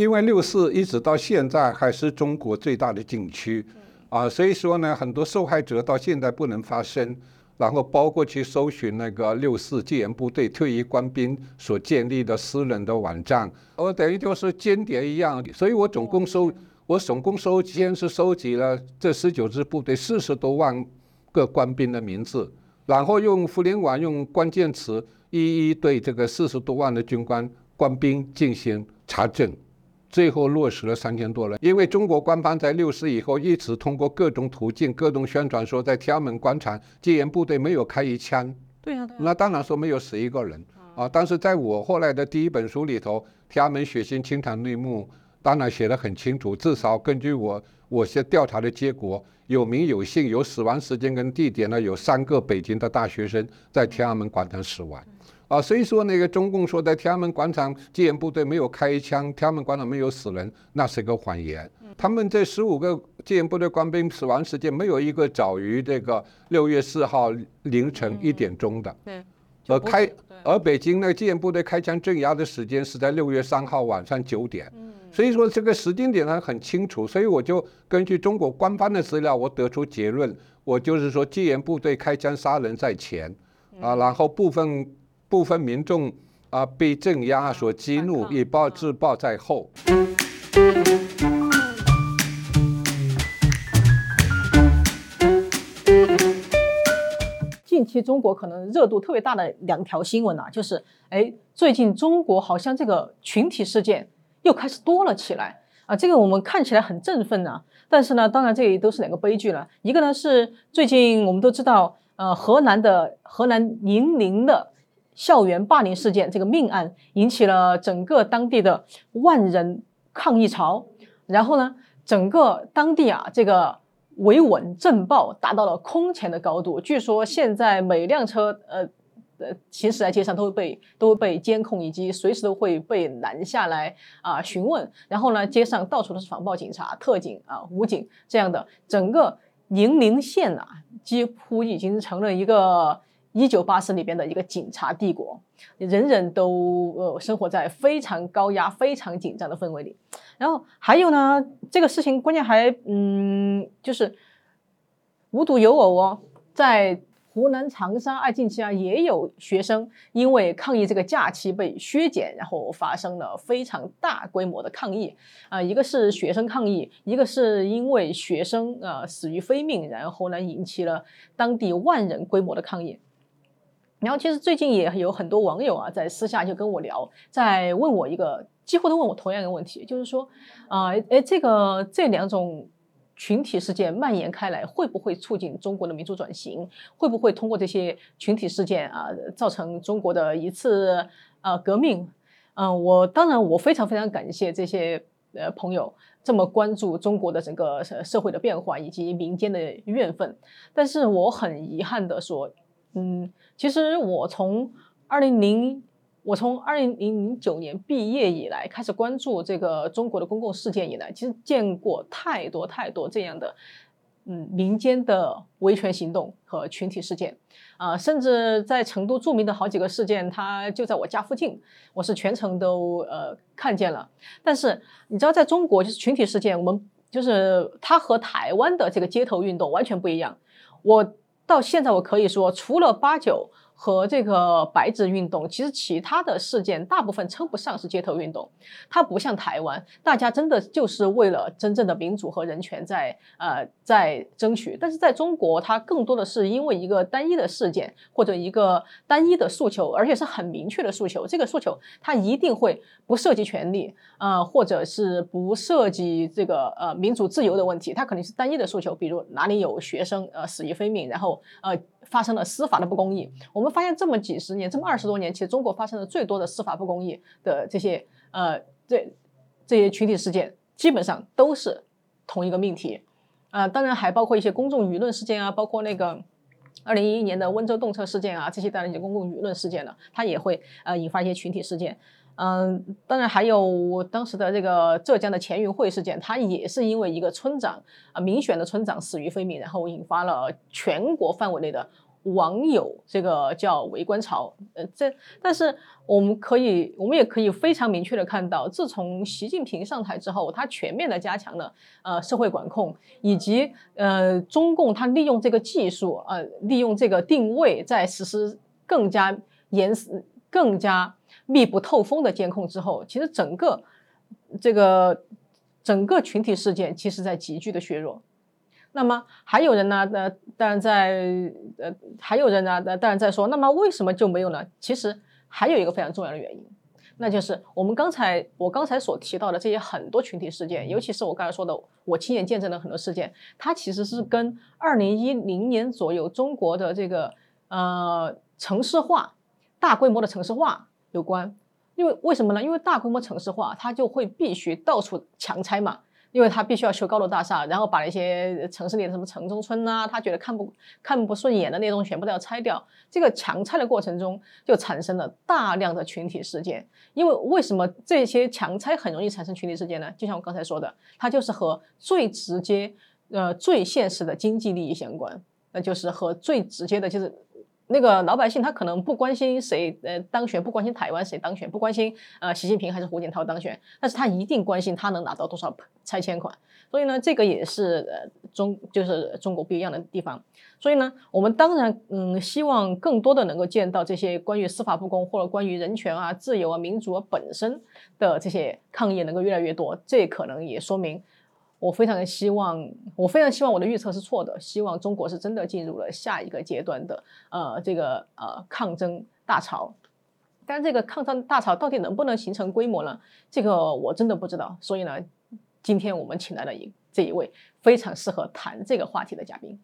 因為六四一直到現在還是中國最大的禁區，啊，所以說呢，很多受害者到現在不能發聲。然後包括去搜尋那個六四戒嚴部隊退役官兵所建立的私人的網站。嗯，我等於就是間諜一樣。所以我總共收，我總共收先是收集了這十九支部隊四十多萬個官兵的名字，然後用互聯網用關鍵詞一一對這個四十多萬的軍官官兵進行查證。最後落實了三千多人，因為中國官方在六四以後一直通過各種途徑、各種宣傳說，在天安門廣場戒嚴部隊沒有開一槍對、啊，對啊，那當然說沒有死一個人啊。但是在我後來的第一本書裡頭，《天安門血腥清場內幕》，當然寫得很清楚，至少根據我我先調查的結果，有名有姓、有死亡時間跟地點呢，有三個北京的大學生在天安門廣場死亡。啊，所以說那個中共說在天安門廣場戒嚴部隊沒有開槍，天安門廣場沒有死人，那是一個謊言。他們這十五個戒嚴部隊官兵死亡時間沒有一個早於這個六月四號凌晨一點鐘的。嗯，對，而開而北京那個戒嚴部隊開槍鎮壓的時間是在六月三號晚上九點。所以說這個時間點呢很清楚，所以我就根據中國官方的資料，我得出結論，我就是說戒嚴部隊開槍殺人在前，啊，然後部分。部分民眾啊被鎮壓所激怒，以暴制暴在後。近期中國可能熱度特別大的兩條新聞啊，就是哎，最近中國好像這個群體事件又開始多了起來啊。這個我們看起來很振奮啊，但是呢，當然這也都是兩個悲劇了。一個呢是最近我們都知道，呃，河南的河南寧陵的。校園霸凌事件，這個命案引起了整個當地的萬人抗議潮，然後呢，整個當地啊這個維穩震爆達到了空前的高度。據說現在每輛車呃、呃行駛在街上都會被都會被監控，以及隨時都會被攔下來啊詢問。然後呢，街上到處都是防暴警察、特警啊、武警這樣的，整個寧陵縣啊幾乎已經成了一個。一九八四裡邊的一個警察帝國，人人都呃生活在非常高壓、非常緊張的氛圍裡。然後還有呢，這個事情關鍵還嗯，就是無獨有偶哦，在湖南長沙，哎，近期啊也有學生因為抗議這個假期被削減，然後發生了非常大規模的抗議啊，呃，一個是學生抗議，一個是因為學生啊，呃，死於非命，然後呢引起了當地萬人規模的抗議。然後，其實最近也有很多網友啊，在私下就跟我聊，在問我一個，幾乎都問我同樣一個問題，就是說，啊、呃，哎，這個這兩種群體事件蔓延開來，會不會促進中國的民族轉型？會不會通過這些群體事件啊，造成中國的一次啊、呃、革命？嗯、呃，我當然，我非常非常感謝這些呃朋友這麼關注中國的整個社會的變化以及民間的怨憤，但是我很遺憾的說。嗯，其實我從二零零，我從二零零九年畢業以來，開始關注這個中國的公共事件以來，其實見過太多太多這樣的，嗯，民間的維權行動和群體事件，啊、呃，甚至在成都著名的好幾個事件，它就在我家附近，我是全程都呃看見了。但是你知道，在中國就是群體事件，我們就是它和台灣的這個街頭運動完全不一樣，我。到現在，我可以說，除了八九和這個白紙運動，其實其他的事件大部分稱不上是街頭運動，它不像台灣，大家真的就是為了真正的民主和人權在呃在爭取。但是在中國，它更多的是因為一個單一的事件或者一個單一的訴求，而且是很明確的訴求。這個訴求它一定會不涉及權利呃，或者是不涉及這個呃民主自由的問題，它肯定是單一的訴求，比如哪裡有學生呃死於非命，然後呃。發生了司法的不公義，我們發現這麼幾十年，這麼二十多年，其實中國發生的最多的司法不公義的這些呃，這這些群體事件，基本上都是同一個命題，啊、呃，當然還包括一些公眾輿論事件啊，包括那個二零一一年的溫州動車事件啊，這些當然一些公共輿論事件呢、啊，它也會呃引發一些群體事件，嗯、呃，當然還有當時的這個浙江的錢雲會事件，它也是因為一個村長啊、呃、民選的村長死於非命，然後引發了全國範圍內的。網友這個叫圍觀潮，呃，這但是我們可以，我們也可以非常明確的看到，自從習近平上台之後，他全面的加強了呃社會管控，以及呃中共他利用這個技術，呃，利用這個定位，在實施更加嚴實、更加密不透風的監控之後，其實整個這個整個群體事件，其實在急劇的削弱。那麼還有人呢？呃，但在呃，還有人呢？呃，但是在說，那麼為什麼就沒有呢？其實還有一個非常重要的原因，那就是我們剛才我剛才所提到的這些很多群體事件，尤其是我剛才說的，我親眼見證的很多事件，它其實是跟二零一零年左右中國的這個呃城市化，大規模的城市化有關。因為為什麼呢？因為大規模城市化，它就會必須到處強拆嘛。因為他必須要修高樓大廈，然後把那些城市裡的什麼城中村吶、啊，他覺得看不看不順眼的那種全部都要拆掉。這個強拆的過程中，就產生了大量的群體事件。因為為什麼這些強拆很容易產生群體事件呢？就像我剛才說的，它就是和最直接、呃最現實的經濟利益相關，那就是和最直接的就是。那個老百姓他可能不關心誰呃當選，不關心台灣誰當選，不關心呃習近平還是胡錦濤當選，但是他一定關心他能拿到多少拆遷款。所以呢，這個也是呃中就是中國不一樣的地方。所以呢，我們當然嗯希望更多的能夠見到這些關於司法不公或者關於人權啊、自由啊、民主啊本身的這些抗議能夠越來越多，這可能也說明。我非常的希望，我非常希望我的預測是錯的，希望中國是真的進入了下一個階段的，呃，這個呃抗爭大潮。但這個抗爭大潮到底能不能形成規模呢？這個我真的不知道。所以呢，今天我們請來了一這一位非常適合談這個話題的嘉賓。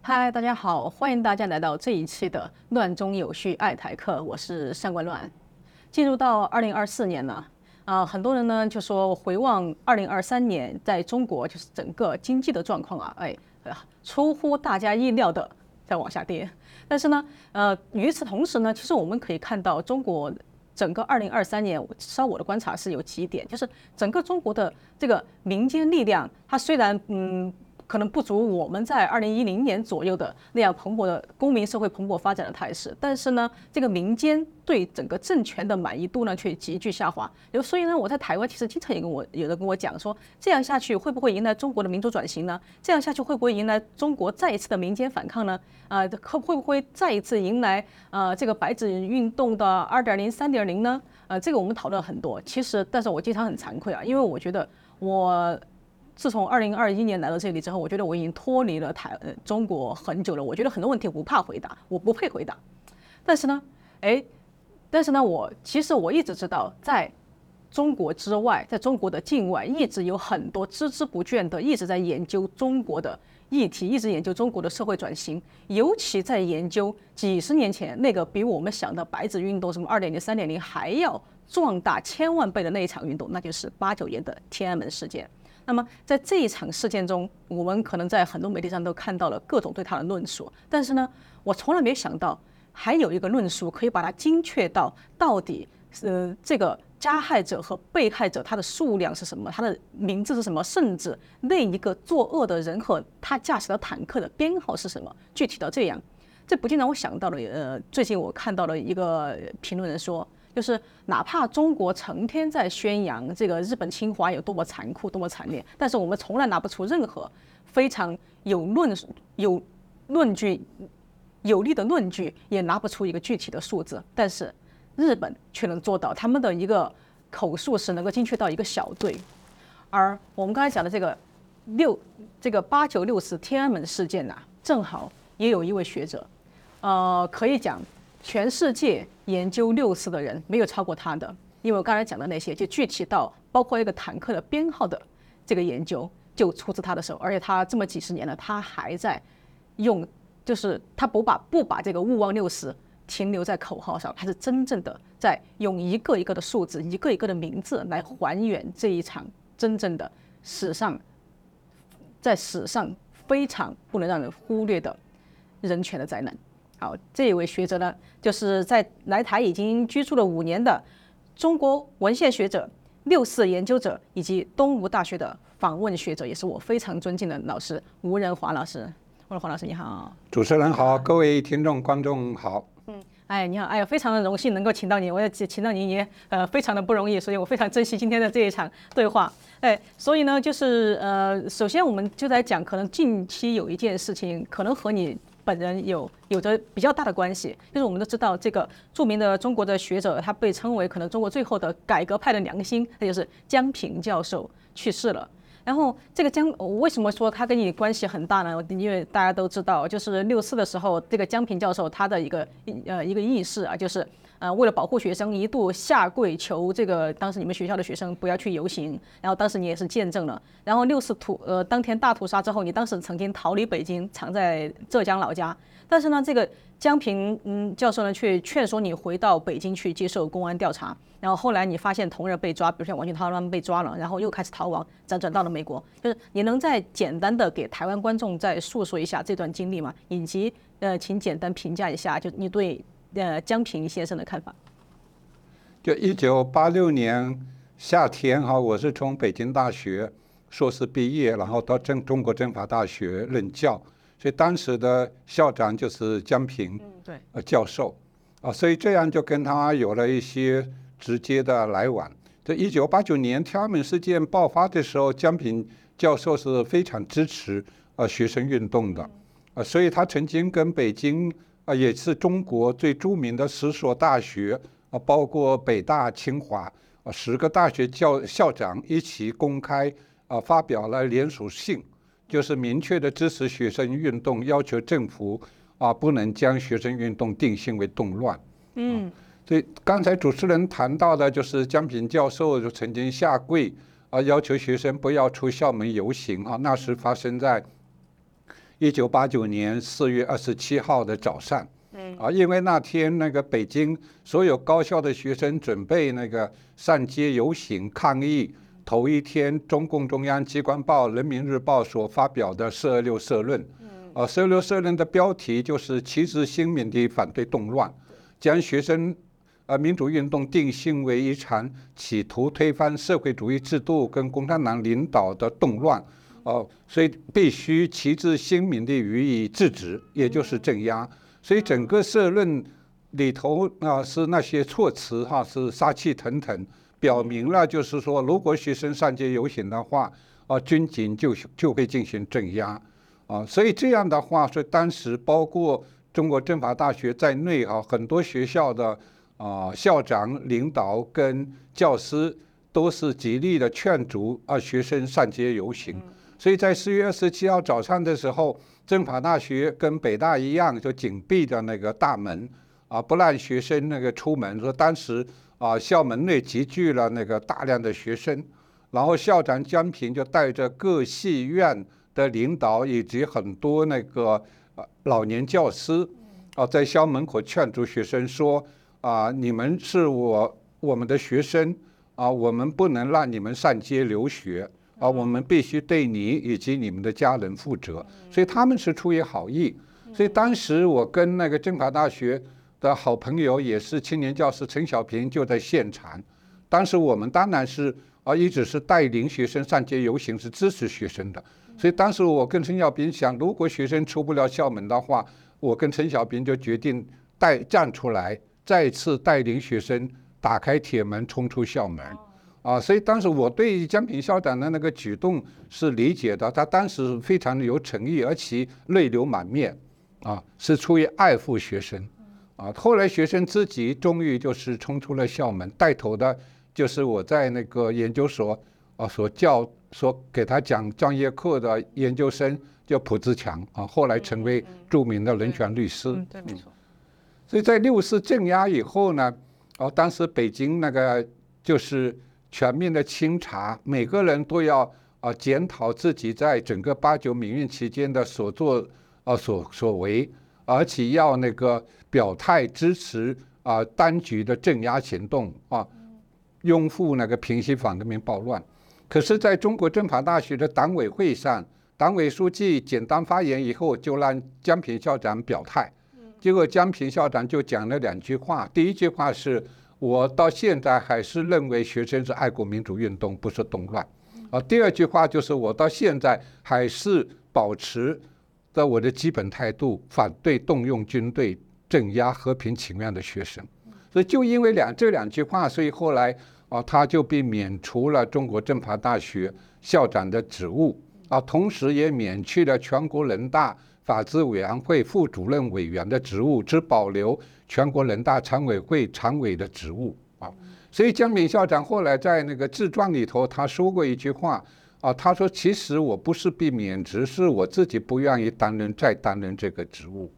嗨，大家好，歡迎大家來到這一期的亂中有序愛台客，我是上官亂。進入到二零二四年呢。啊，很多人呢就說回望二零二三年，在中國就是整個經濟的狀況啊，哎，出乎大家意料的在往下跌。但是呢，呃，與此同時呢，其實我們可以看到，中國整個二零二三年，我至少我的觀察是有幾點，就是整個中國的這個民間力量，它雖然嗯。可能不足我們在二零一零年左右的那樣蓬勃的公民社會蓬勃發展的態勢，但是呢，這個民間對整個政權的滿意度呢卻急劇下滑。有所以呢，我在台灣其實經常也跟我有的跟我講說，這樣下去會不會迎來中國的民主轉型呢？這樣下去會不會迎來中國再一次的民間反抗呢？啊，會會不會再一次迎來呃、啊、這個白紙運動的二點零三點零呢？啊，這個我們討論很多。其實，但是我經常很慚愧啊，因為我覺得我。自從二零二一年來到這裡之後，我覺得我已經脫離了台呃中國很久了。我覺得很多問題我不怕回答，我不配回答。但是呢，哎，但是呢，我其實我一直知道，在中國之外，在中國的境外，一直有很多孜孜不倦的一直在研究中國的議題，一直研究中國的社會轉型，尤其在研究幾十年前那個比我們想的“白紙運動”什麼二點零、三點零還要壯大千萬倍的那一場運動，那就是八九年的天安門事件。那麼，在這一場事件中，我們可能在很多媒體上都看到了各種對他的論述，但是呢，我從來沒有想到，還有一個論述可以把它精確到到底，呃，這個加害者和被害者他的數量是什麼，他的名字是什麼，甚至另一個作惡的人和他駕駛的坦克的編號是什麼，具體到這樣，這不禁讓我想到了，呃，最近我看到了一個評論人說。就是哪怕中國成天在宣揚這個日本侵華有多麼殘酷，多麼慘烈，但是我們從來拿不出任何非常有論有論據有力的論據，也拿不出一個具體的數字。但是日本卻能做到他們的一個口述是能夠精確到一個小隊，而我們剛才講的這個六這個八九六四天安門事件吶、啊，正好也有一位學者，呃，可以講。全世界研究六四的人沒有超過他的，因為我剛才講的那些，就具體到包括一個坦克的編號的這個研究，就出自他的手。而且他這麼幾十年了，他還在用，就是他不把不把這個勿忘六四停留在口號上，他是真正的在用一個一個的數字，一個一個的名字來還原這一場真正的史上在史上非常不能讓人忽略的人權的災難。好，這一位學者呢，就是在來台已經居住了五年的中國文獻學者、六四研究者以及東吳大學的訪問學者，也是我非常尊敬的老師吳仁華老師。吳仁華老師，你好。主持人好，好，各位聽眾觀眾好。嗯，哎，你好，哎，非常的榮幸能夠請到您，我也請到您也呃非常的不容易，所以我非常珍惜今天的這一場對話。哎，所以呢，就是呃，首先我們就在講，可能近期有一件事情，可能和你。本人有有着比較大的關係，就是我們都知道這個著名的中國的學者，他被稱為可能中國最後的改革派的良心，他就是江平教授去世了。然後這個江為什麼說他跟你關係很大呢？因為大家都知道，就是六四的時候，這個江平教授他的一個呃一個軼事啊，就是。呃，為了保護學生，一度下跪求這個當時你們學校的學生不要去遊行，然後當時你也是見證了。然後六四屠呃，當天大屠殺之後，你當時曾經逃離北京，藏在浙江老家。但是呢，這個江平嗯教授呢，卻勸說你回到北京去接受公安調查。然後後來你發現同仁被抓，比如像王軍濤他們被抓了，然後又開始逃亡，輾轉到了美國。就是你能再簡單的給台灣觀眾再訴說一下這段經歷嗎？以及呃，請簡單評價一下，就你對。江平先生的看法，就一九八六年夏天哈、啊，我是從北京大學碩士畢業，然後到中中國政法大學任教，所以當時的校長就是江平教授，啊、嗯呃，所以這樣就跟他有了一些直接的來往。在一九八九年天安門事件爆發的時候，江平教授是非常支持、呃、學生運動的，啊、呃，所以他曾經跟北京。啊，也是中國最著名的十所大學啊，包括北大、清華啊，十個大學校校長一起公開啊發表了聯署信，就是明確的支持學生運動，要求政府啊不能將學生運動定性為動亂。嗯，啊，所以剛才主持人談到的就是江平教授就曾經下跪啊，要求學生不要出校門遊行啊，那是發生在。一九八九年四月二十七號的早上，啊，因為那天那個北京所有高校的學生準備那個上街遊行抗議，嗯、頭一天中共中央機關報《人民日報》所發表的“四二六”社論，嗯，啊，“四二六”社論的標題就是“旗幟鮮明地反對動亂”，將學生呃、啊、民主運動定性為一場企圖推翻社會主義制度，跟共產黨領導的動亂。哦，所以必須旗幟鮮明地予以制止，也就是鎮壓。所以整個社論裡頭啊，是那些措辭哈、啊，是殺氣騰騰，表明了就是說，如果學生上街遊行的話，啊，軍警就就會進行鎮壓，啊，所以這樣的話，是當時包括中國政法大學在內啊，很多學校的啊校長、領導跟教師都是極力的勸阻啊學生上街遊行。所以在四月二十七號早上的時候，政法大學跟北大一樣，就緊閉着那個大門，啊，不讓學生那個出門。說當時啊，校門內集聚了那個大量的學生，然後校長江平就帶着各系院的領導以及很多那個老年教師，啊，在校門口勸阻學生說：啊，你們是我我們的學生，啊，我們不能讓你們上街留學。啊，我們必須對你以及你們的家人負責，所以他們是出於好意。所以當時我跟那個政法大學的好朋友，也是青年教師陳小平就在現場。當時我們當然是啊，一直是帶領學生上街遊行，是支持學生的。所以當時我跟陳小平想，如果學生出不了校門的話，我跟陳小平就決定帶站出來，再次帶領學生打開鐵門，衝出校門。啊，所以當時我對江平校長的那個舉動是理解的，他當時非常的有誠意，而且淚流滿面，啊，是出於愛護學生，啊，後來學生自己終於就是衝出了校門，帶頭的就是我在那個研究所啊，所教所給他講專業課的研究生叫浦志強啊，後來成為著名的人權律師，對，沒錯。所以在六四鎮壓以後呢，哦、啊，當時北京那個就是。全面的清查，每個人都要啊檢討自己在整個八九民運期間的所作啊、呃、所所為，而且要那個表態支持啊呃、當局的鎮壓行動啊，擁護那個平息反革命暴亂。可是，在中國政法大學的黨委會上，黨委書記簡單發言以後，就讓江平校長表態。結果江平校長就講了兩句話，第一句話是。我到現在還是認為學生是愛國民主運動，不是動亂。啊，第二句話就是我到現在還是保持在我的基本態度，反對動用軍隊鎮壓和平請願的學生。所以就因為兩這兩句話，所以後來啊，他就被免除了中國政法大學校長的職務啊，同時也免去了全國人大，法制委員會副主任委員的職務，只保留全國人大常委會常委的職務啊，所以江敏校長後來在那個自傳裡頭，他說過一句話啊，他說其實我不是被免職，只是我自己不願意擔任再擔任這個職務，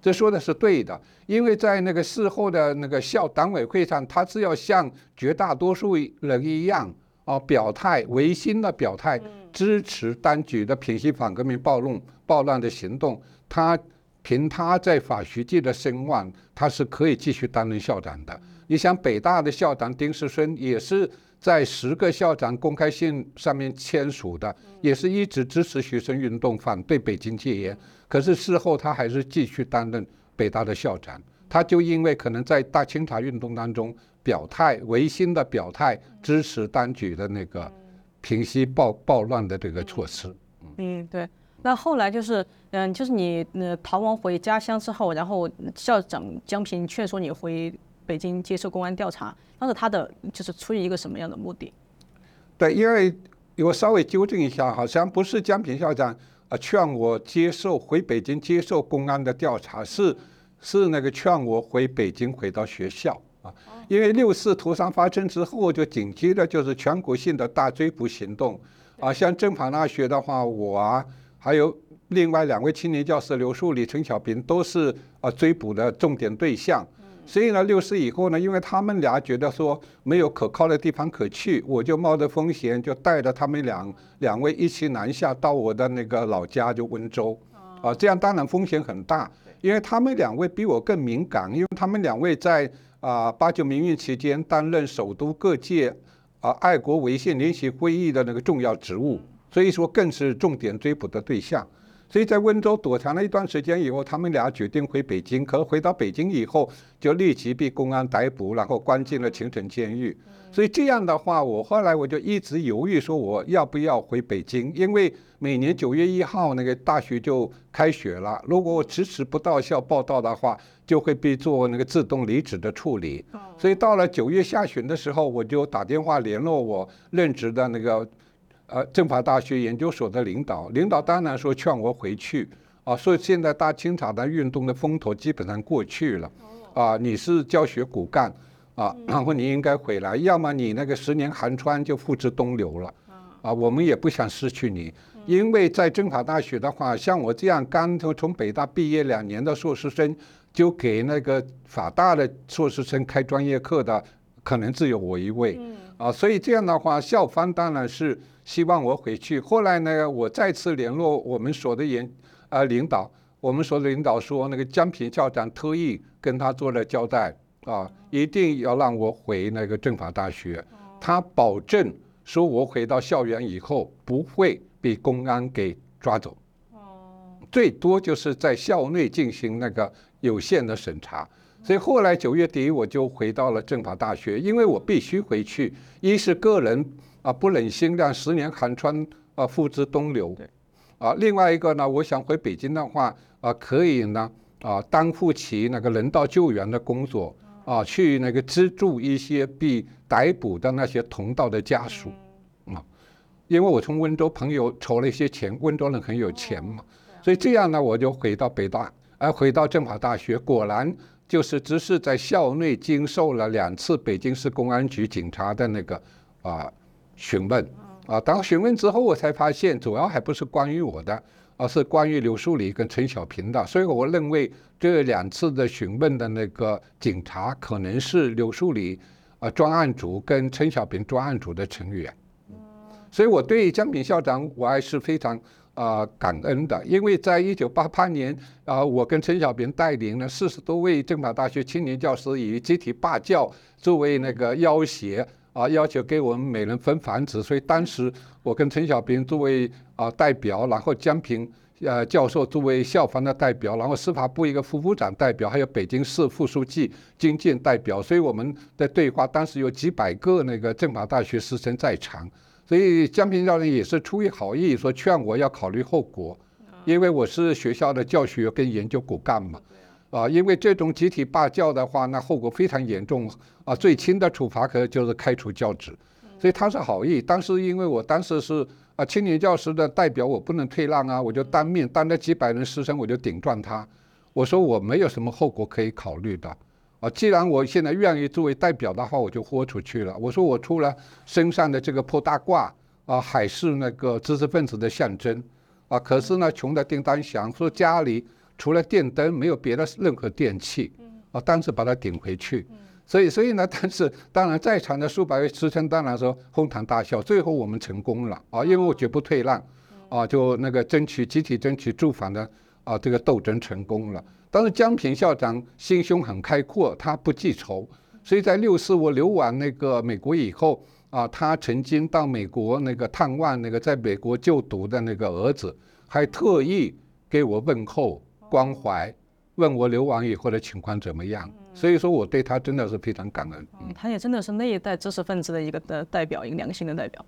這說的是對的，因為在那個事後的那個校黨委會上，他是要像絕大多數人一樣。哦，表態，違心的表態，支持當局的平息反革命暴動、暴亂的行動。他憑他在法學界的聲望，他是可以繼續擔任校長的。你想，北大的校長丁世孫也是在十個校長公開信上面簽署的，也是一直支持學生運動犯，反對北京戒嚴。可是事後他還是繼續擔任北大的校長。他就因為可能在大清查運動當中。表態違心的表態，支持當局的那個平息暴暴亂的這個措施。嗯，嗯，對。那後來就是，嗯，就是你呃逃亡回家鄉之後，然後校長江平勸說你回北京接受公安調查，當時他的就是出於一個什麼樣的目的？對，因為我稍微糾正一下，好像不是江平校長啊勸我接受回北京接受公安的調查，是是那個勸我回北京回到學校。啊、因為六四屠殺發生之後，就緊接着就是全國性的大追捕行動。啊，像政法大學的話，我、啊、還有另外兩位青年教師劉樹理、陳小平，都是啊追捕的重點對象、嗯。所以呢，六四以後呢，因為他們倆覺得說沒有可靠的地方可去，我就冒着風險，就帶着他們兩兩位一起南下到我的那個老家，就溫州啊。啊，這樣當然風險很大，因為他們兩位比我更敏感，因為他們兩位在。啊，八九民運期間擔任首都各界啊愛國維憲聯席會議的那個重要職務，所以說更是重點追捕的對象。所以在溫州躲藏了一段時間以後，他們倆決定回北京。可回到北京以後，就立即被公安逮捕，然後關進了秦城監獄。所以這樣的話，我後來我就一直猶豫說我要不要回北京，因為每年九月一號那個大學就開學了，如果我遲遲不到校報到的話。就會被做那個自動離職的處理，所以到了九月下旬的時候，我就打電話聯絡我任職的那個，呃政法大學研究所的領導，領導當然說勸我回去啊，所以現在大清查的運動的風頭基本上過去了，啊，你是教學骨幹啊，嗯，然後你應該回來，要麼你那個十年寒窗就付之東流了，啊，我們也不想失去你，因為在政法大學的話，像我這樣剛從從北大畢業兩年的碩士生。就給那個法大的碩士生開專業課的，可能只有我一位，啊，所以這樣的話，校方當然是希望我回去。後來呢，我再次聯絡我們所的研啊領導，我們所的領導說，那個江平校長特意跟他做了交代，啊，一定要讓我回那個政法大學，他保證說我回到校園以後不會被公安給抓走，哦，最多就是在校內進行那個。有限的審查，所以後來九月底我就回到了政法大學，因為我必須回去。一是個人啊不忍心讓十年寒窗啊付之東流，啊另外一個呢，我想回北京的話啊可以呢啊擔負起那個人道救援的工作啊，去那個資助一些被逮捕的那些同道的家屬啊，因為我從溫州朋友籌了一些錢，溫州人很有錢嘛，所以這樣呢我就回到北大。而回到政法大學，果然就是只是在校內經受了兩次北京市公安局警察的那個啊詢、呃、問，啊、呃，當詢問之後，我才發現主要還不是關於我的，而是關於劉樹理跟陳小平的。所以我認為這兩次的詢問的那個警察可能是劉樹理啊專案組跟陳小平專案組的成員。所以我對江平校長我還是非常，啊、呃，感恩的，因為在一九八八年啊、呃，我跟陳小平帶領了四十多位政法大學青年教師，以集體罷教作為那個要挾啊、呃，要求給我們每人分房子，所以當時我跟陳小平作為啊、呃、代表，然後江平呃教授作為校方的代表，然後司法部一個副部長代表，還有北京市副書記經建代表，所以我們的對話當時有幾百個那個政法大學師生在場。所以江平教授也是出於好意，說勸我要考慮後果，因為我是學校的教學跟研究骨幹嘛，啊，因為這種集體罷教的話，那後果非常嚴重啊，最輕的處罰可就是開除教職，所以他是好意。當時因為我當時是啊青年教師的代表，我不能退讓啊，我就當面當着幾百人師生，我就頂撞他，我說我沒有什麼後果可以考慮的。啊，既然我現在願意作為代表的話，我就豁出去了。我說我除了身上的這個破大褂啊，還是那個知識分子的象徵啊。可是呢，窮的叮當響，說家裡除了電燈沒有別的任何電器啊。當時把它頂回去，所以所以呢，但是當然在場的數百位師生當然說哄堂大笑。最後我們成功了啊，因為我絕不退讓啊，就那個爭取集體爭取住房的啊這個鬥爭成功了。但是江平校長心胸很開闊，他不記仇，所以在六四我流亡那個美國以後啊，他曾經到美國那個探望那個在美國就讀的那個兒子，還特意給我問候關懷，問我流亡以後的情況怎麼樣。所以說，我對他真的是非常感恩，嗯。他也真的是那一代知識分子的一個的代表，一個良心的代表。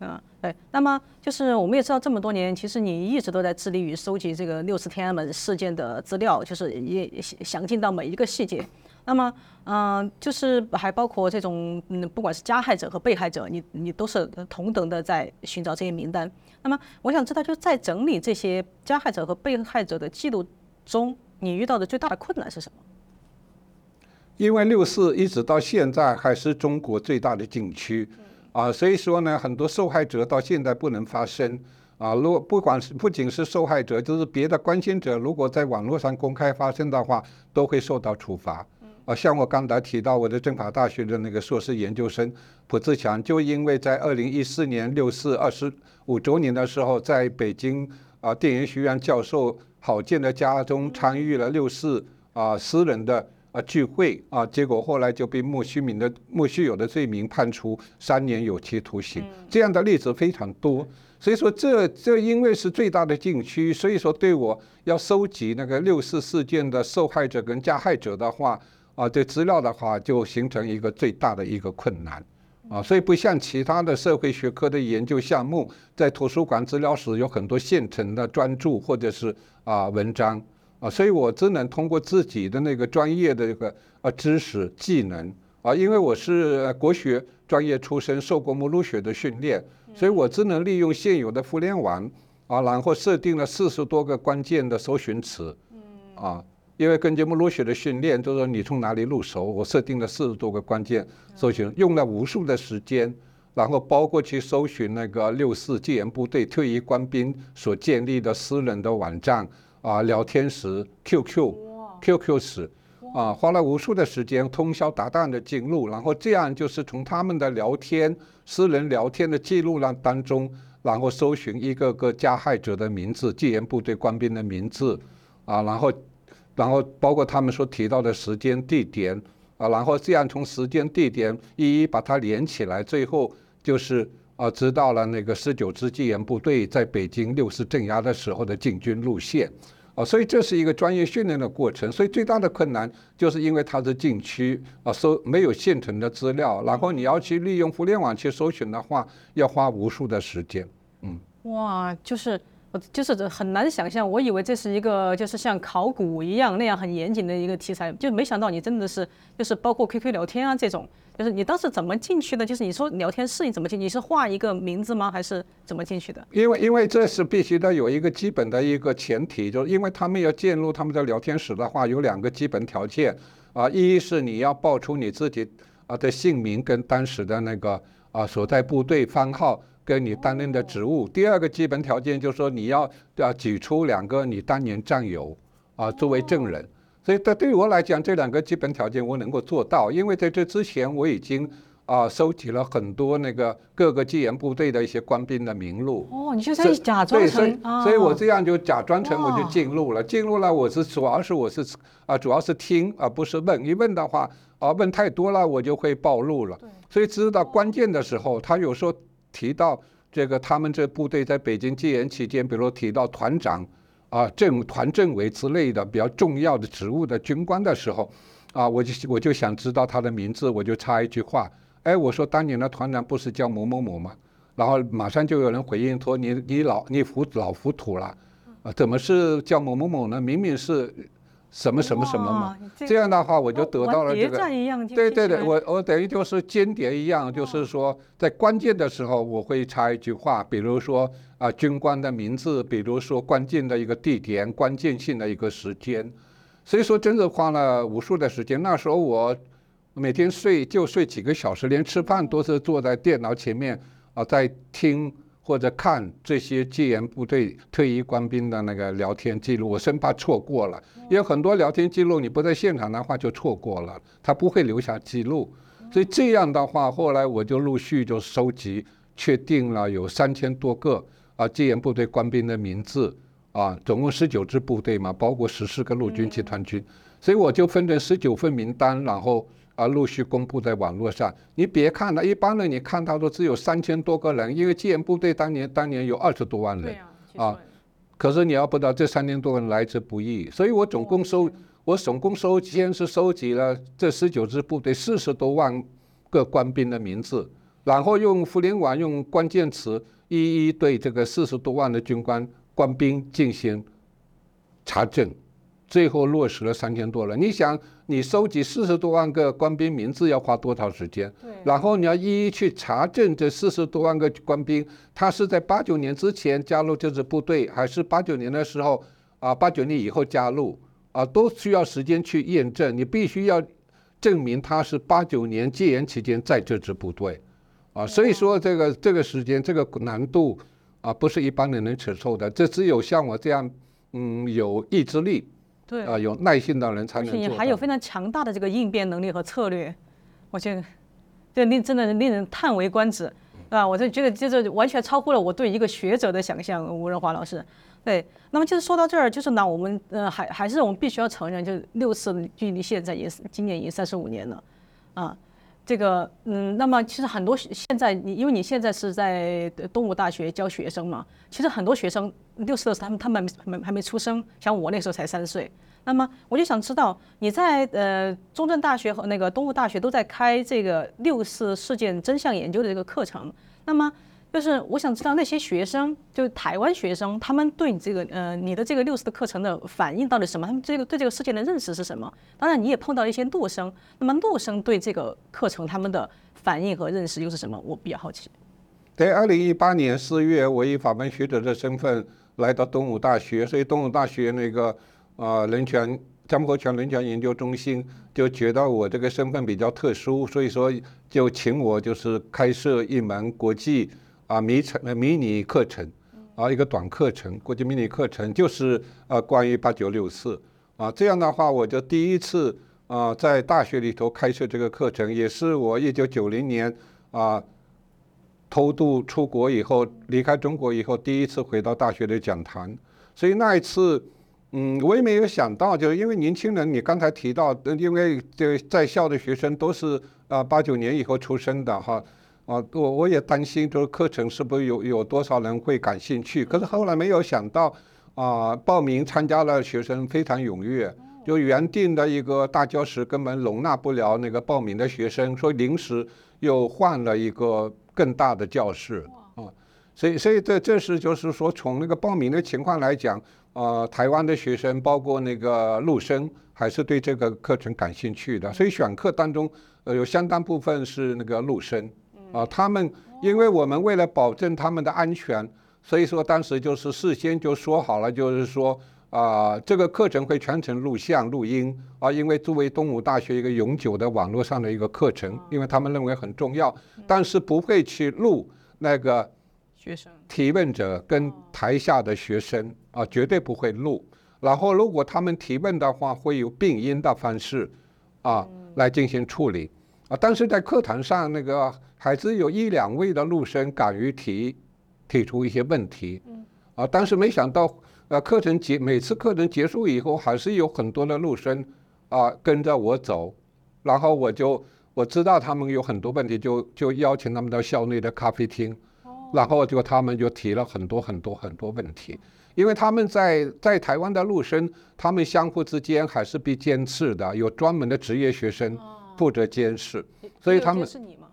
嗯，對。那麼就是我們也知道這麼多年，其實你一直都在致力於收集這個六四天安門事件的資料，就是也詳盡到每一個細節。那麼，嗯、呃，就是還包括這種，嗯，不管是加害者和被害者，你你都是同等的在尋找這些名單。那麼，我想知道，就在整理這些加害者和被害者的記錄中，你遇到的最大的困難是什麼？因為六四一直到現在還是中國最大的禁區。啊，所以說呢，很多受害者到現在不能發聲。啊，如果不管是不僅是受害者，就是別的關心者，如果在網絡上公開發聲的話，都會受到處罰。啊，像我剛才提到我的政法大學的那個碩士研究生浦志強，就因為在二零一四年六四二十五周年的時候，在北京啊電影學院教授郝建的家中參與了六四啊私人的。啊，聚會啊，結果後來就被莫須名的莫須有的罪名判處三年有期徒刑。這樣的例子非常多，所以說這這因為是最大的禁區，所以說對我要收集那個六四事件的受害者跟加害者的話啊這資料的話，就形成一個最大的一個困難啊。所以不像其他的社會學科的研究項目，在圖書館資料室有很多現成的專著或者是啊文章。啊，所以我只能通過自己的那個專業的這個啊，知識技能啊，因為我是國學專業出身，受過目錄學的訓練，所以我只能利用現有的互聯網啊，然後設定了四十多個關鍵的搜尋詞，啊，因為根據目錄學的訓練，就是說你從哪裡入手，我設定了四十多個關鍵搜尋，用了無數的時間，然後包括去搜尋那個六四戒嚴部隊退役官兵所建立的私人的網站。啊，聊天室 QQ，QQ QQ 室啊，花了無數的時間，通宵達旦的進入，然後這樣就是從他們的聊天、私人聊天的記錄當中，然後搜尋一個個加害者的名字、戒嚴部隊官兵的名字，啊，然後，然後包括他們所提到的時間、地點，啊，然後這樣從時間、地點一一把它連起來，最後就是。啊，知道了那個十九支戒嚴部隊在北京六四鎮壓的時候的進軍路線，啊，所以這是一個專業訓練的過程，所以最大的困難就是因為它是禁區，啊，搜沒有現成的資料，然後你要去利用互聯網去搜尋的話，要花無數的時間，嗯，哇，就是。我就是很難想象，我以為這是一個就是像考古一樣那樣很嚴謹的一個題材，就沒想到你真的是就是包括 QQ 聊天啊這種，就是你當時怎麼進去的？就是你說聊天室你怎麼進去？你是畫一個名字嗎？還是怎麼進去的？因為因為這是必須得有一個基本的一個前提，就是因為他們要進入他們的聊天室的話，有兩個基本條件啊、呃，一是你要報出你自己啊、呃、的姓名跟當時的那個啊、呃、所在部隊番號。跟你擔任的職務，oh. 第二個基本條件就是說你要要舉出兩個你當年戰友、oh. 啊作為證人，所以對對我來講，這兩個基本條件我能夠做到，因為在這之前我已經啊、呃、收集了很多那個各個戒嚴部隊的一些官兵的名錄。哦、oh，你就在假裝成是對所以、啊、所以我這樣就假裝成我就進入了，oh. 進入了，我是主要是我是啊主要是聽而、啊、不是問，一問的話啊問太多了我就會暴露了，所以知道關鍵的時候，他、oh. 有時候。提到這個，他們這部隊在北京戒嚴期間，比如提到團長啊、政團政委之類的比較重要的職務的軍官的時候，啊，我就我就想知道他的名字，我就插一句話，哎，我說當年的團長不是叫某某某嗎？然後馬上就有人回應說你，你老你老你糊老糊塗了，啊，怎麼是叫某某某呢？明明是。什麼什麼什麼嘛，這樣的話我就得到了這個。對對對，我我等於就是間諜一樣，就是說在關鍵的時候我會插一句話，比如說啊軍官的名字，比如說關鍵的一個地點，關鍵性的一個時間，所以說真的花了無數的時間。那時候我每天睡就睡幾個小時，連吃飯都是坐在電腦前面啊在聽。或者看這些戒嚴部隊退役官兵的那個聊天記錄，我生怕錯過了，因為很多聊天記錄你不在現場的話就錯過了，他不會留下記錄，所以這樣的話，後來我就陸續就收集，確定了有三千多個啊戒嚴部隊官兵的名字啊，總共十九支部隊嘛，包括十四個陸軍集團軍，所以我就分成十九份名單，然後。啊，陸續公布在網絡上。你別看了，一般人你看到的只有三千多個人。因為戒嚴部隊當年，當年有二十多萬人啊，啊。可是你要不知道，這三千多人來之不易。所以我總共收，哦、我總共收，先是收集了這十九支部隊四十多萬個官兵的名字，然後用互聯網，用關鍵詞一一對這個四十多萬的軍官官兵進行查證。最後落實了三千多了。你想，你收集四十多萬個官兵名字要花多長時間？對。然後你要一一去查證這四十多萬個官兵，他是在八九年之前加入這支部隊，還是八九年的時候啊？八九年以後加入啊，都需要時間去驗證。你必須要證明他是八九年戒嚴期間在這支部隊啊。所以說，這個這個時間，這個難度啊，不是一般人能承受的。這只有像我這樣，嗯，有意志力。對啊，有耐心的人才能做。還有非常強大的這個應變能力和策略，我覺得這令真的令人嘆為觀止，對吧？我就覺得就是完全超乎了我對一個學者的想象吳仁華老師。對，那麼就是說到這兒，就是那我們呃還還是我們必須要承認就，就是六四距離現在也是今年已經三十五年了，啊。這個，嗯，那麼其實很多現在你，因為你現在是在東吳大學教學生嘛，其實很多學生六四的時候他們他們還沒還沒，還沒出生，像我那時候才三歲，那麼我就想知道你在呃中正大學和那個東吳大學都在開這個六四事件真相研究的這個課程，那麼。就是我想知道那些學生，就是台灣學生，他們對你這個呃你的這個六四的課程的反應到底什麼？他們這個對這個事件的認識是什麼？當然你也碰到一些陸生，那麼陸生對這個課程他們的反應和認識又是什麼？我比較好奇。在二零一八年四月，我以法文學者的身份來到東吳大學，所以東吳大學那個啊、呃、人權張佛泉人權研究中心就覺得我這個身份比較特殊，所以說就請我就是開設一門國際。啊，迷呃，迷你課程，啊，一個短課程，國際迷你課程就是呃、啊，關於八九六四，啊，這樣的話，我就第一次啊，在大學裡頭開設這個課程，也是我一九九零年啊，偷渡出國以後離開中國以後第一次回到大學的講壇，所以那一次，嗯，我也沒有想到，就是因為年輕人，你剛才提到，因為這在校的學生都是啊，八九年以後出生的哈。啊，我我也擔心，就是課程是不是有有多少人會感興趣？可是後來沒有想到，啊，報名參加了學生非常踴躍，就原定的一個大教室根本容納不了那個報名的學生，所以臨時又換了一個更大的教室。啊，所以所以這這是就是說從那個報名的情況來講，啊，台灣的學生包括那個陸生還是對這個課程感興趣的，所以選課當中，呃，有相當部分是那個陸生。啊，他們因為我們為了保證他們的安全，所以說當時就是事先就說好了，就是說啊、呃，這個課程會全程錄像錄音啊，因為作為東吳大學一個永久的網絡上的一個課程，因為他們認為很重要，但是不會去錄那個學生提問者跟台下的學生啊，絕對不會錄。然後如果他們提問的話，會有病因的方式啊來進行處理。啊，但是在課堂上，那個還是有一兩位的陸生敢於提提出一些問題。嗯。啊，但是沒想到，呃、啊，課程結每次課程結束以後，還是有很多的陸生啊跟着我走，然後我就我知道他們有很多問題，就就邀請他們到校內的咖啡廳，然後就他們就提了很多很多很多問題，因為他們在在台灣的陸生，他們相互之間還是被監視的，有專門的職業學生。哦。負責監視，所以他們、就是你嗎？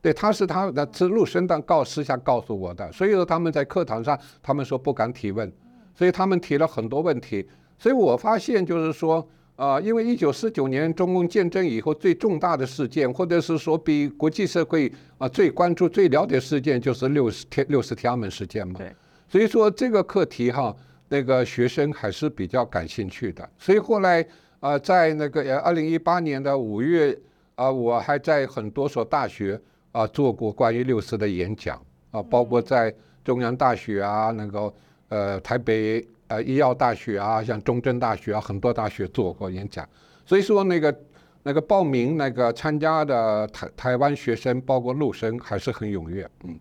對，他是他的，是陸生，但告私下告訴我的。所以說他們在課堂上，他們說不敢提問，所以他們提了很多問題。所以我發現就是說，啊、呃，因為一九四九年中共建政以後最重大的事件，或者是說比國際社會啊、呃、最關注、最了解事件，就是六十天、六十天安門事件嘛。所以說這個課題哈，那個學生還是比較感興趣的。所以後來。啊、呃，在那個呃，二零一八年的五月啊、呃，我還在很多所大學啊、呃、做過關於六四的演講啊、呃，包括在中央大學啊，那個呃台北呃醫藥大學啊，像中正大學啊，很多大學做過演講。所以說那個那個報名那個參加的台台灣學生，包括陸生，還是很踴躍。嗯，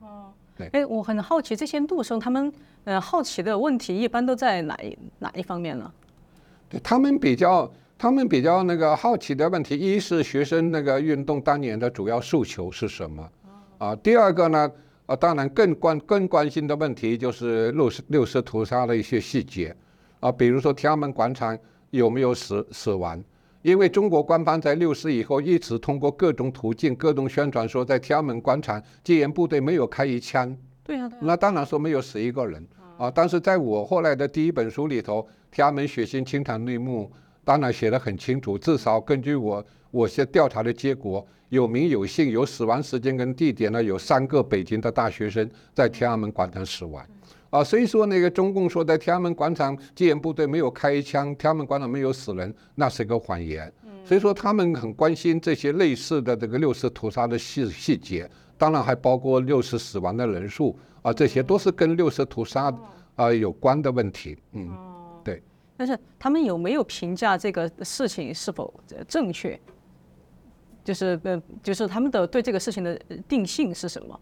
對，哎、欸，我很好奇這些陸生他們呃好奇的問題一般都在哪哪一方面呢？對他們比較。他們比較那個好奇的問題，一是學生那個運動當年的主要訴求是什麼？啊，第二個呢？啊，當然更關更關心的問題就是六十六四屠殺的一些細節啊，比如說天安門廣場有沒有死死亡？因為中國官方在六四以後一直通過各種途徑、各種宣傳說，在天安門廣場戒嚴部隊沒有開一槍。對啊，對啊。那當然說沒有死一個人啊，但是在我後來的第一本書裡頭，《天安門血腥清場內幕》。當然寫得很清楚，至少根據我我先調查的結果，有名有姓有死亡時間跟地點呢，有三個北京的大學生在天安門廣場死亡。啊，所以說那個中共說在天安門廣場戒嚴部隊沒有開槍，天安門廣場沒有死人，那是一個謊言。所以說他們很關心這些類似的這個六四屠殺的細細節，當然還包括六四死亡的人數啊，這些都是跟六四屠殺啊有關的問題。嗯。但是他們有沒有評價這個事情是否正確？就是呃，就是他們的對這個事情的定性是什麼？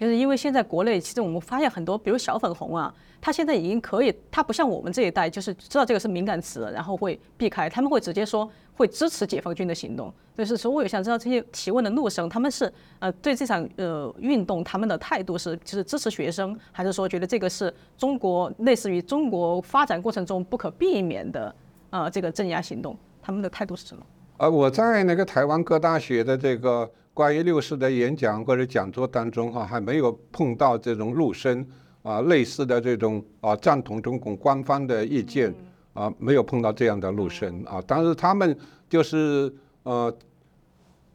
就是因為現在國內，其實我們發現很多，比如小粉紅啊，他現在已經可以，他不像我們這一代，就是知道這個是敏感詞，然後會避開，他們會直接說會支持解放軍的行動。就是所以我也想知道這些提問的陸生，他們是呃對這場呃運動他們的態度是，就是支持學生，還是說覺得這個是中國類似於中國發展過程中不可避免的呃這個鎮壓行動？他們的態度是什麼？呃，我在那個台灣各大學的這個。關於六四的演講或者講座當中啊，還沒有碰到這種陸生啊，類似的這種啊，贊同中共官方的意見啊，沒有碰到這樣的陸生啊。但是他們就是呃，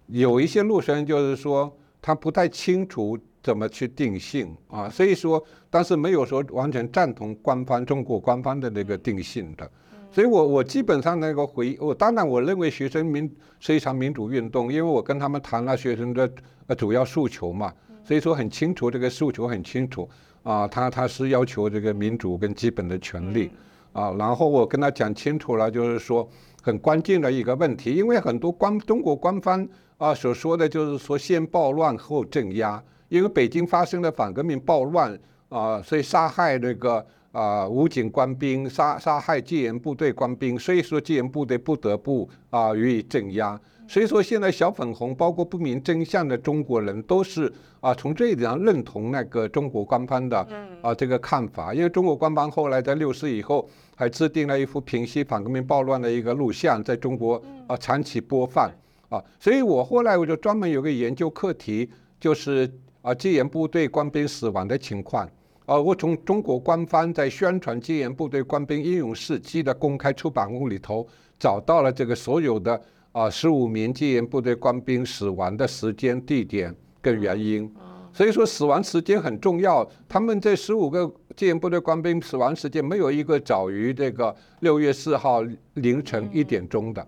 有一些陸生，就是說他不太清楚怎麼去定性啊，所以說，但是沒有說完全贊同官方，中國官方的那個定性的。所以我，我我基本上那個回我，當然我認為學生民是一場民主運動，因為我跟他們談了學生的呃主要訴求嘛，所以說很清楚，這個訴求很清楚啊，他、呃、他是要求這個民主跟基本的權利啊、呃，然後我跟他講清楚了，就是說很關鍵的一個問題，因為很多官中國官方啊所說的就是說先暴亂後鎮壓，因為北京發生了反革命暴亂啊、呃，所以殺害這、那個。啊、呃！武警官兵殺殺害戒嚴部隊官兵，所以說戒嚴部隊不得不啊、呃、予以鎮壓。所以說現在小粉紅，包括不明真相的中國人，都是啊從、呃、這一點上認同那個中國官方的啊、呃、這個看法，因為中國官方後來在六四以後還制定了一幅平息反革命暴亂的一個錄像，在中國啊、呃、長期播放啊、呃，所以我後來我就專門有個研究課題，就是啊戒嚴部隊官兵死亡的情況。啊，我從中國官方在宣傳戒嚴部隊官兵英勇事蹟的公開出版物裡頭找到了這個所有的啊，十五名戒嚴部隊官兵死亡的時間、地點跟原因。所以說，死亡時間很重要。他們這十五個戒嚴部隊官兵死亡時間沒有一個早於這個六月四號凌晨一點鐘的。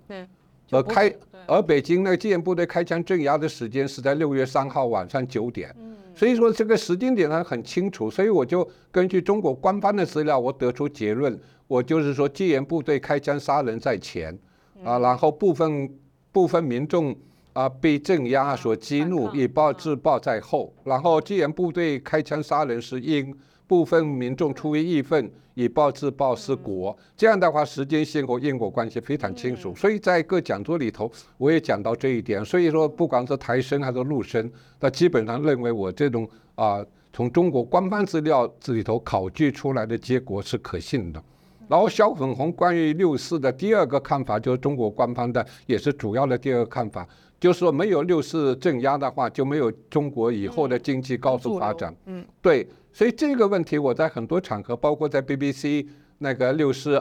而開而北京那個戒嚴部隊開槍鎮壓的時間是在六月三號晚上九點。所以說這個時間點呢很清楚，所以我就根據中國官方的資料，我得出結論，我就是說，戒嚴部隊開槍殺人在前，啊，然後部分部分民眾啊被鎮壓所激怒，以暴制暴在後，然後戒嚴部隊開槍殺人是因部分民眾出於義憤。以暴制暴是果，這樣的話時間線和因果關係非常清楚。所以在各講座裡頭，我也講到這一點。所以說，不管是台生還是陸生，他基本上認為我這種啊，從中國官方資料這裡頭考據出來的結果是可信的。然後小粉紅關於六四的第二個看法，就是中國官方的，也是主要的第二個看法。就是說，沒有六四鎮壓的話，就沒有中國以後的經濟高速發展。嗯，對，所以這個問題我在很多場合，包括在 BBC 那個六四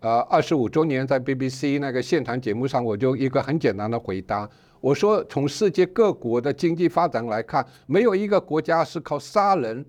呃二十五周年在 BBC 那個現場節目上，我就一個很簡單的回答，我說從世界各國的經濟發展來看，沒有一個國家是靠殺人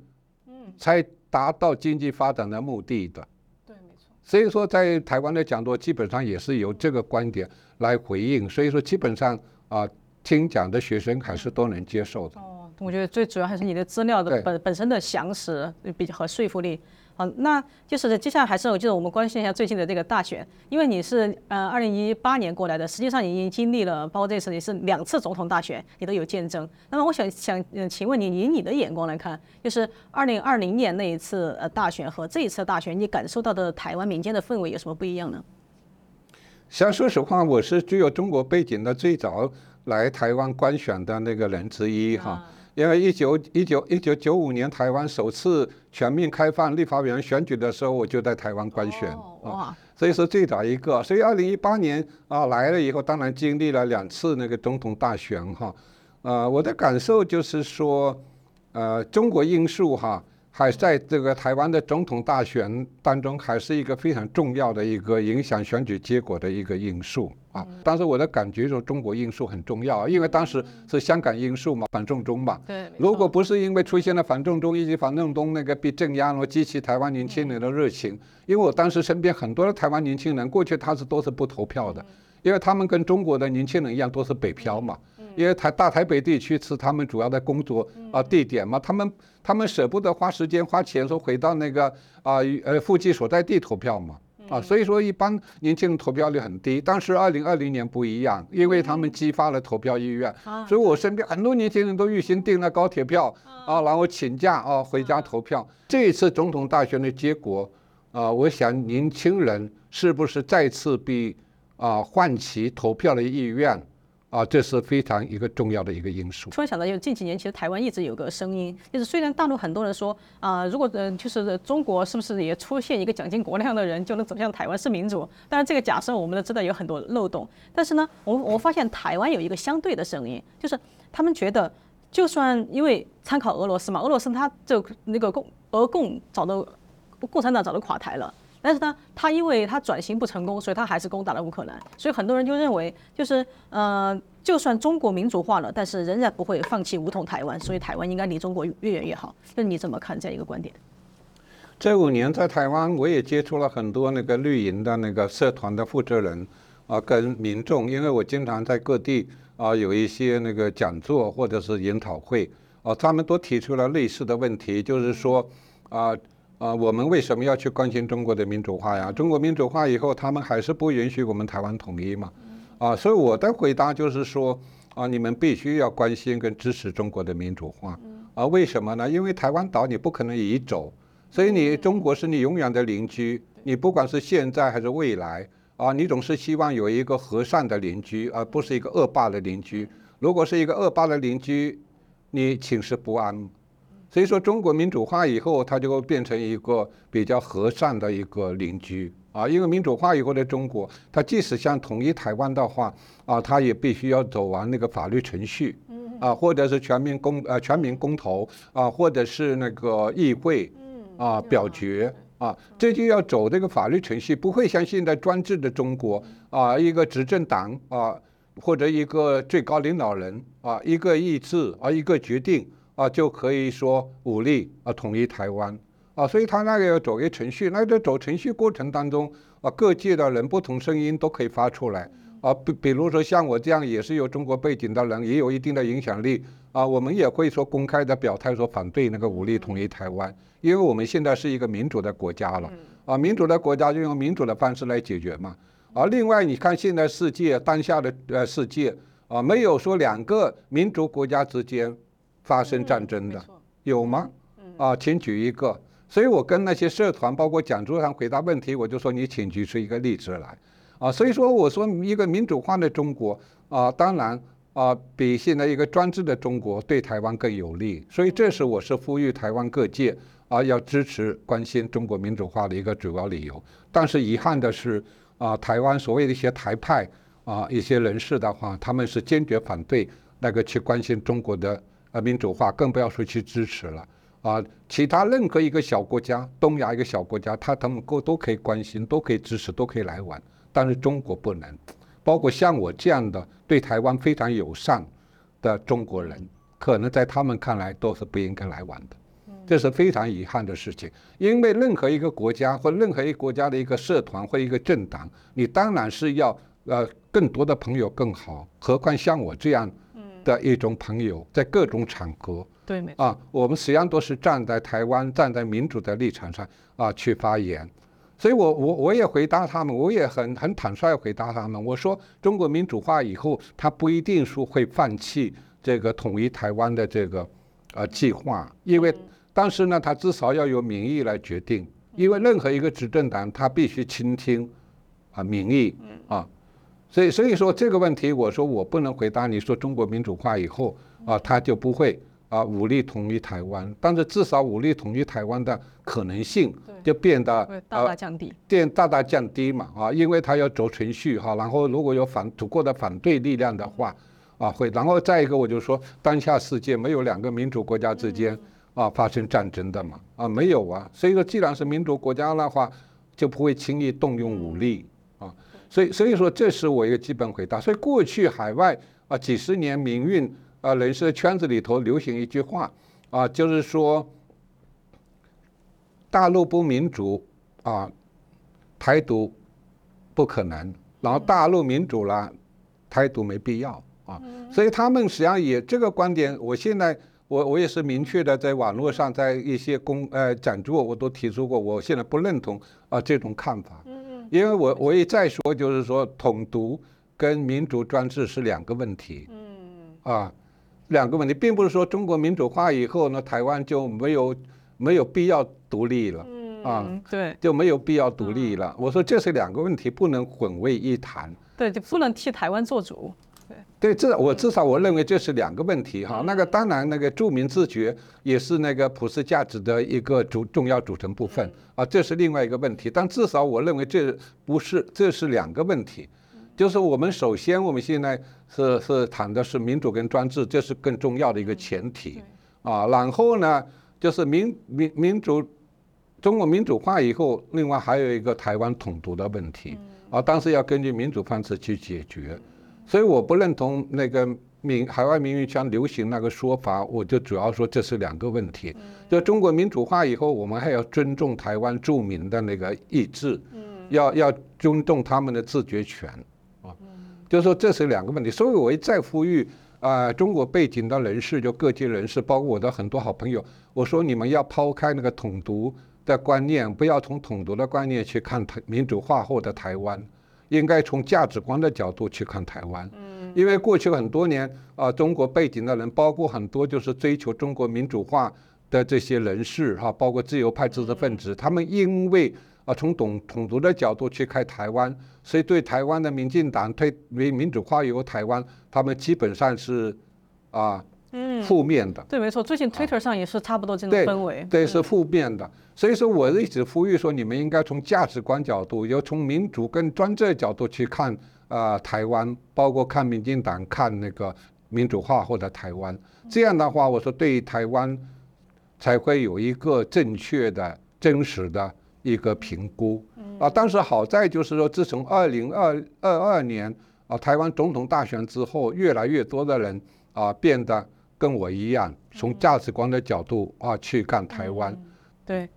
才達到經濟發展的目的的。對。所以說，在台灣的講座基本上也是由這個觀點來回應，所以說基本上。啊，聽講的學生還是都能接受的。哦，我覺得最主要還是你的資料的本本身的詳實比較和說服力。好，啊，那就是接下來還是，就是我們關心一下最近的這個大選，因為你是呃二零一八年過來的，實際上你已經經歷了，包括這次也是兩次總統大選，你都有見證。那麼我想想，嗯，請問你以你的眼光來看，就是二零二零年那一次呃大選和這一次大選，你感受到的台灣民間的氛圍有什麼不一樣呢？像說實話，我是具有中國背景的最早來台灣觀選的那個人之一哈，啊、因為一九一九一九九五年台灣首次全面開放立法委員選舉的時候，我就在台灣觀選、哦啊，哇，所以說最早一個，所以二零一八年啊來了以後，當然經歷了兩次那個總統大選哈，呃，我的感受就是說，呃，中國因素哈。還在這個台灣的總統大選當中，還是一個非常重要的一個影響選舉結果的一個因素啊。當時我的感覺說，中國因素很重要啊，因為當時是香港因素嘛，反送中嘛。對。如果不是因為出現了反送中，以及反送中那個被鎮壓了，激起台灣年輕人的熱情。因為我當時身邊很多的台灣年輕人，過去他是都是不投票的，因為他們跟中國的年輕人一樣，都是北漂嘛。因為台大台北地區是他們主要的工作啊地點嘛，他們他們捨不得花時間花錢，說回到那個啊呃戶籍所在地投票嘛啊，所以說一般年輕人投票率很低。但是二零二零年不一樣，因為他們激發了投票意願，嗯、所以，我身邊很多年輕人都預先訂了高鐵票啊，然後請假啊回家投票，嗯。這一次總統大選的結果啊，我想年輕人是不是再次被啊喚起投票的意願？啊，這是非常一個重要的一個因素。突然想到，就近幾年，其實台灣一直有個聲音，就是雖然大陸很多人說啊，如果呃，就是中國是不是也出現一個蔣經國那樣的人，就能走向台灣式民主？但是這個假設，我們都知道有很多漏洞。但是呢，我我發現台灣有一個相對的聲音，就是他們覺得，就算因為參考俄羅斯嘛，俄羅斯他就那個共俄共早都共產黨早都垮台了。但是呢，他因為他轉型不成功，所以他還是攻打了烏克蘭。所以很多人就認為，就是呃，就算中國民主化了，但是仍然不會放棄武統台灣。所以台灣應該離中國越遠越好。那你怎麼看這樣一個觀點？這五年在台灣，我也接觸了很多那個綠營的那個社團的負責人啊、呃，跟民眾，因為我經常在各地啊、呃、有一些那個講座或者是研討會啊、呃，他們都提出了類似的問題，就是說啊。呃啊，我們為什麼要去關心中國的民主化呀？中國民主化以後，他們還是不允許我們台灣統一嘛？啊，所以我的回答就是說，啊，你們必須要關心跟支持中國的民主化。啊，為什麼呢？因為台灣島你不可能移走，所以你中國是你永遠的鄰居。你不管是現在還是未來，啊，你總是希望有一個和善的鄰居，而，啊，不是一個惡霸的鄰居。如果是一個惡霸的鄰居，你寢食不安。所以說，中國民主化以後，它就會變成一個比較和善的一個鄰居啊。因為民主化以後的中國，它即使想統一台灣的話啊，它也必須要走完那個法律程序，啊，或者是全民公呃全民公投啊，或者是那個議會啊表決啊，這就要走這個法律程序，不會像現在專制的中國啊，一個執政黨啊，或者一個最高領導人啊，一個意志啊，一個決定。啊，就可以說武力啊統一台灣啊，所以他那個要走一個程序，那在、個、走程序過程當中啊，各界的人不同聲音都可以發出來啊。比比如說像我這樣也是有中國背景的人，也有一定的影響力啊，我們也會說公開的表態說反對那個武力統一台灣，因為我們現在是一個民主的國家了啊，民主的國家就用民主的方式來解決嘛啊。另外，你看現在世界當下的呃世界啊，沒有說兩個民族國家之間，發生戰爭的、嗯、有嗎？啊，請舉一個、嗯。所以我跟那些社團，包括講座上回答問題，我就說，你請舉出一個例子來。啊，所以說我說一個民主化的中國啊，當然啊，比現在一個專制的中國對台灣更有利。所以這是我是呼籲台灣各界啊要支持關心中國民主化的一個主要理由。但是遺憾的是啊，台灣所謂的一些台派啊一些人士的話，他們是堅決反對那個去關心中國的。啊，民主化更不要說去支持了啊，呃！其他任何一個小國家，東亞一個小國家，他他們都都可以關心，都可以支持，都可以來往，但是中國不能。包括像我這樣的對台灣非常友善的中國人，可能在他們看來都是不應該來往的，這是非常遺憾的事情。因為任何一個國家或任何一個國家的一個社團或一個政黨，你當然是要呃更多的朋友更好，何況像我這樣。的一種朋友，在各種場合，對，啊，我們實際上都是站在台灣、站在民主的立場上啊去發言，所以我我我也回答他們，我也很很坦率回答他們，我說中國民主化以後，他不一定說會放棄這個統一台灣的這個呃計劃，因為當時呢，他至少要由民意來決定，因為任何一個執政黨他必須傾聽啊民意啊。所以，所以說這個問題，我說我不能回答。你說中國民主化以後啊，他就不會啊武力統一台灣，但是至少武力統一台灣的可能性就變得大大降低，變大大降低嘛啊，因為他要走程序哈，啊，然後如果有反足夠的反對力量的話，啊會，然後再一個我就說，當下世界沒有兩個民主國家之間啊發生戰爭的嘛啊沒有啊，所以說，既然是民主國家的話，就不會輕易動用武力。所以，所以說，這是我一個基本回答。所以，過去海外啊幾十年民運啊人士圈子裡頭流行一句話啊，就是說，大陸不民主啊，台獨不可能；然後大陸民主了，台獨沒必要啊。所以他們實際上也這個觀點，我現在我我也是明確的，在網絡上，在一些公呃講座我，我都提出過，我現在不認同啊這種看法。因為我我也再說，就是說統獨跟民主專制是兩個問題。嗯啊，兩個問題，並不是說中國民主化以後呢，台灣就沒有沒有必要獨立了。嗯啊，對，就沒有必要獨立了。嗯，我說這是兩個問題，不能混為一談。對，就不能替台灣做主。對，至少我至少我認為這是兩個問題哈。那個當然，那個著名自覺也是那個普世價值的一個主重要組成部分啊。這是另外一個問題，但至少我認為這不是，這是兩個問題。就是我們首先我們現在是是談的是民主跟專制，這是更重要的一個前提啊。然後呢，就是民民民主，中國民主化以後，另外還有一個台灣統獨的問題啊，但是要根據民主方式去解決。所以我不認同那個民、海外民運圈流行那個說法，我就主要說這是兩個問題。就中國民主化以後，我們還要尊重台灣住民的那個意志，要要尊重他們的自決權啊。就是說這是兩個問題，所以我一再呼籲啊、呃，中國背景的人士，就各界人士，包括我的很多好朋友，我說你們要拋開那個統獨的觀念，不要從統獨的觀念去看台民主化後的台灣。應該從價值觀的角度去看台灣，因為過去很多年啊，中國背景的人，包括很多就是追求中國民主化的這些人士哈、啊，包括自由派知識分子，他們因為啊，從統統獨的角度去看台灣，所以對台灣的民進黨推民民主化由台灣，他們基本上是，啊。嗯，負面的、啊，對，沒錯，最近 Twitter 上也是差不多這種氛圍、啊，對，是負面的，所以說我一直呼籲說，你們應該從價值觀角度，又從民主跟專制角度去看啊、呃，台灣，包括看民進黨，看那個民主化或者台灣，這樣的話，我說對於台灣才會有一個正確的真實的一個評估，啊，但是好在就是說，自從二零二二二年啊、呃、台灣總統大選之後，越來越多的人啊、呃、變得。跟我一樣，從價值觀的角度，嗯，啊去看台灣，嗯，對，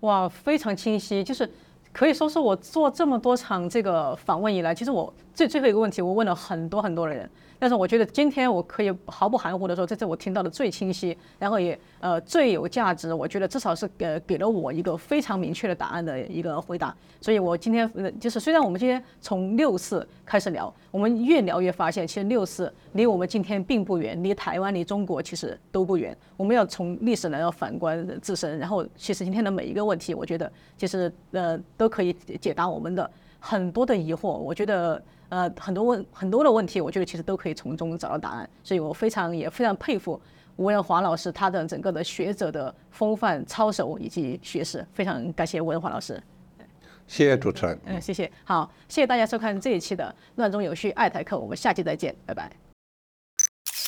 哇，非常清晰，就是。可以說是我做這麼多場這個訪問以來，其實我最最後一個問題，我問了很多很多的人，但是我覺得今天我可以毫不含糊地說，這是我聽到的最清晰，然後也呃最有價值，我覺得至少是給給了我一個非常明確的答案的一個回答。所以我今天就是，雖然我們今天從六四開始聊，我們越聊越發現，其實六四離我們今天並不遠，離台灣、離中國其實都不遠。我們要從歷史來要反觀自身，然後其實今天的每一個問題，我覺得其實呃。都可以解答我們的很多的疑惑，我覺得，呃，很多問很多的問題，我覺得其實都可以從中找到答案，所以我非常也非常佩服吳仁華老師他的整個的學者的風範、操守以及學識，非常感謝吳仁華老師。謝謝主持人，嗯，謝謝，好，謝謝大家收看這一期的《亂中有序》愛台客。我們下期再見，拜拜。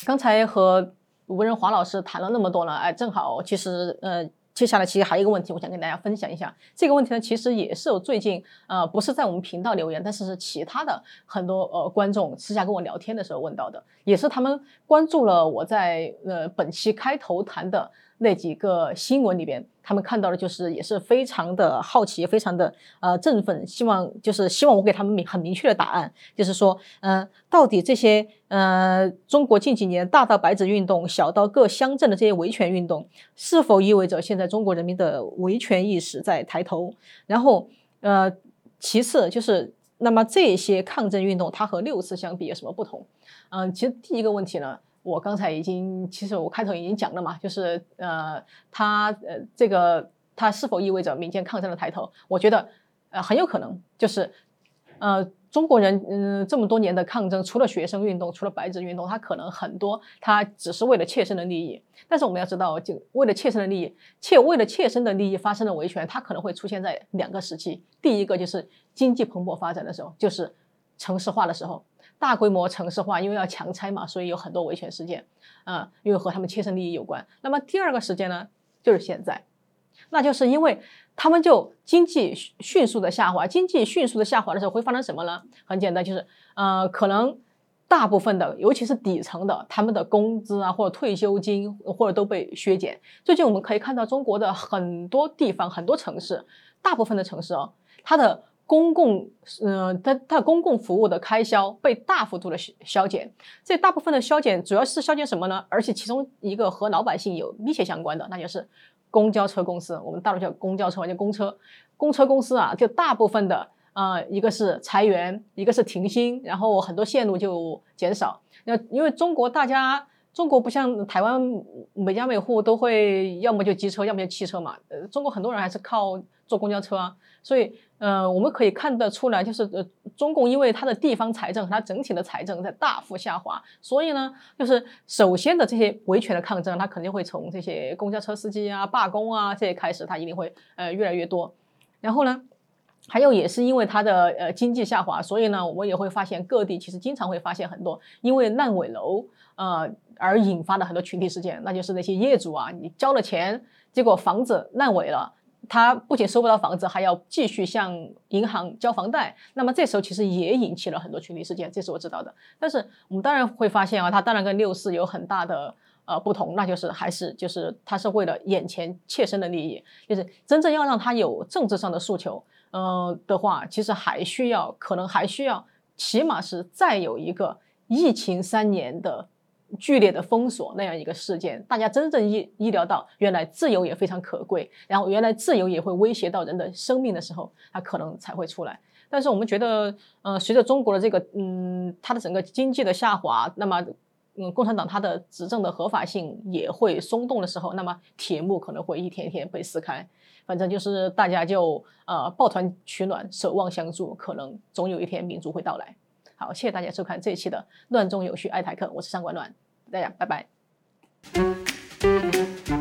剛才和吳仁華老師談了那麼多了，哎，正好，其實，呃。接下來其實還有一個問題，我想跟大家分享一下。這個問題呢，其實也是我最近呃，不是在我們頻道留言，但是是其他的很多呃觀眾私下跟我聊天的時候問到的，也是他們關注了我在呃本期開頭談的那幾個新聞裡邊。他們看到的，就是也是非常的好奇，非常的呃振奮，希望就是希望我給他們明很明確的答案，就是說，嗯、呃，到底這些呃中國近幾年大到白紙運動，小到各鄉鎮的這些維權運動，是否意味着現在中國人民的維權意識在抬頭？然後呃，其次就是那麼這些抗爭運動，它和六四相比有什麼不同？嗯、呃，其實第一個問題呢。我剛才已經，其實我開頭已經講了嘛，就是呃，他呃，這個他是否意味着民間抗爭的抬頭？我覺得呃很有可能，就是呃，中國人嗯這麼多年的抗爭，除了學生運動，除了白紙運動，他可能很多他只是為了切身的利益。但是我們要知道，就為了切身的利益，切為了切身的利益發生的維權，它可能會出現在兩個時期。第一個就是經濟蓬勃發展的時候，就是城市化的時候。大規模城市化，因為要強拆嘛，所以有很多維權事件，嗯、呃，因為和他們切身利益有關。那麼第二個時間呢，就是現在，那就是因為他們就經濟迅速的下滑，經濟迅速的下滑的時候會發生什麼呢？很簡單，就是呃，可能大部分的，尤其是底層的，他們的工資啊或者退休金或者都被削減。最近我們可以看到中國的很多地方、很多城市，大部分的城市哦，它的。公共，嗯、呃，它它公共服務的開銷被大幅度的削減，這大部分的削減主要是削減什麼呢？而且其中一個和老百姓有密切相關的，那就是公交車公司。我們大陸叫公交車，全公車，公車公司啊，就大部分的，啊、呃，一個是裁員，一個是停薪，然後很多線路就減少。那因為中國大家，中國不像台灣，每家每戶都會要麼就機車，要麼就汽車嘛。呃，中國很多人還是靠坐公交車啊，所以，呃，我們可以看得出來，就是呃，中共因為它的地方財政和它整體的財政在大幅下滑，所以呢，就是首先的這些維權的抗爭，它肯定會從這些公交車司機啊、罷工啊這些開始，它一定會呃越來越多。然後呢，還有也是因為它的呃經濟下滑，所以呢，我們也會發現各地其實經常會發現很多因為爛尾樓呃而引發的很多群體事件，那就是那些業主啊，你交了錢，結果房子爛尾了。他不僅收不到房子，還要繼續向銀行交房貸。那麼這時候其實也引起了很多群體事件，這是我知道的。但是我們當然會發現啊，他當然跟六四有很大的呃不同，那就是還是就是他是為了眼前切身的利益，就是真正要讓他有政治上的訴求，呃，的話，其實還需要，可能還需要，起碼是再有一個疫情三年的。劇烈的封鎖那樣一個事件，大家真正意意料到，原來自由也非常可貴，然後原來自由也會威脅到人的生命的時候，它可能才會出來。但是我們覺得，嗯、呃，隨着中國的這個，嗯，它的整個經濟的下滑，那麼，嗯，共產黨它的執政的合法性也會鬆動的時候，那麼鐵幕可能會一天天被撕開。反正就是大家就呃抱團取暖，守望相助，可能總有一天民主會到來。好，謝謝大家收看這一期的《亂中有序愛台客》，我是上官亂，大家拜拜。嗯嗯